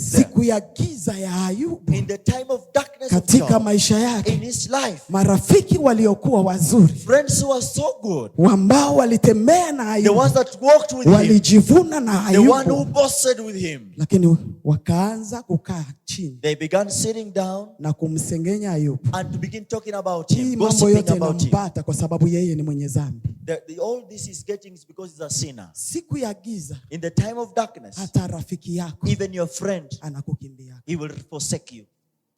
siku ya giza ya Ayubu, in the time of darkness katika maisha yake in his life, marafiki waliokuwa wazuri so walitembea na Ayubu, walijivuna na Ayubu, lakini wakaanza kukaa chini down, na kumsengenya Ayubu. Hii mambo yote inampata kwa sababu yeye ni mwenye dhambi. The, the, all this is getting is because he's a sinner. Siku ya giza. In the time of darkness. Hata yako. Even your friend. He will forsake you.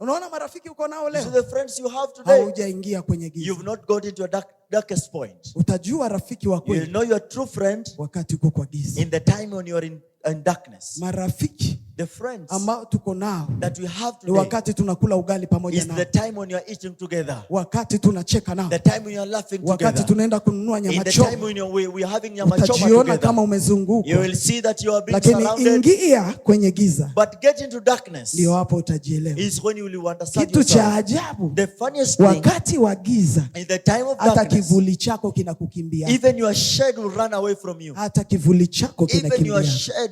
Unaona marafiki uko nao leo. So the friends you have today. Haujaingia kwenye giza. You've not got into a dark, darkest point. Utajua rafiki wa kweli. You know your true friend. Wakati uko kwa giza. In the time when you are in, in darkness. Marafiki The friends ambao tuko nao that we have today ni wakati tunakula ugali pamoja na Is the time when you are eating together. Wakati tunacheka nao. The time when you are laughing together. Wakati tunaenda kununua nyamachoutajiona The time when we are having together. kama umezunguka. You will see that you are being Lakini surrounded. ingia kwenye giza. But get into darkness. Ndio hapo utajielewakitu Is when you will understand yourself. cha ajabu. The funniest thing. Wakati wa giza. the time of darkness. Hata kivuli chako kinakukimbia. Even your will run away from you. Hata kivuli chako Even your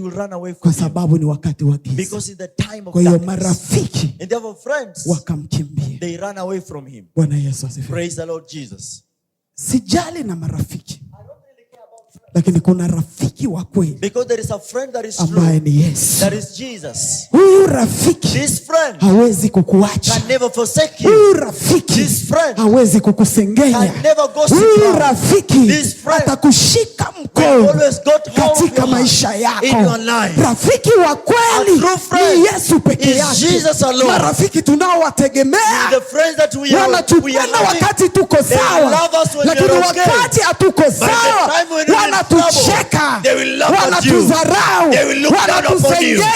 will run away from you. Kwa sababu ni wakati wa Kwa hiyo marafiki wakamkimbia. Bwana Yesu Sijali na marafiki lakini kuna rafiki wa kweli ambaye ni Yesu. Huyu rafiki hawezi kukuacha, huyu rafiki hawezi kukusengenya, rafiki atakushika mkono maisha yako. Rafiki wa kweli ni Yesu peke yake. Marafiki tunaowategemea wanatupenda wakati tuko sawa, lakini wakati hatuko sawa wanatucheka, wanatudharau, wanatusengenya.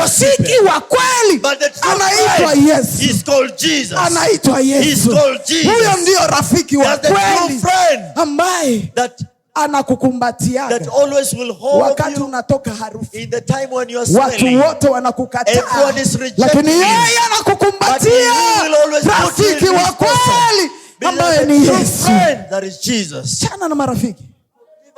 Rafiki wa kweli anaitwa Yesu, anaitwa Yesu. Huyo ndio rafiki wa kweli ambaye anakukumbatia wakati unatoka harufu, watu wote wanakukataa, yeye anakukumbatia, rafiki wa kweli ambaye ni yesuchana na marafiki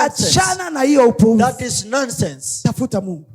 achana na hiyo upuuzi. That is nonsense. Tafuta Mungu.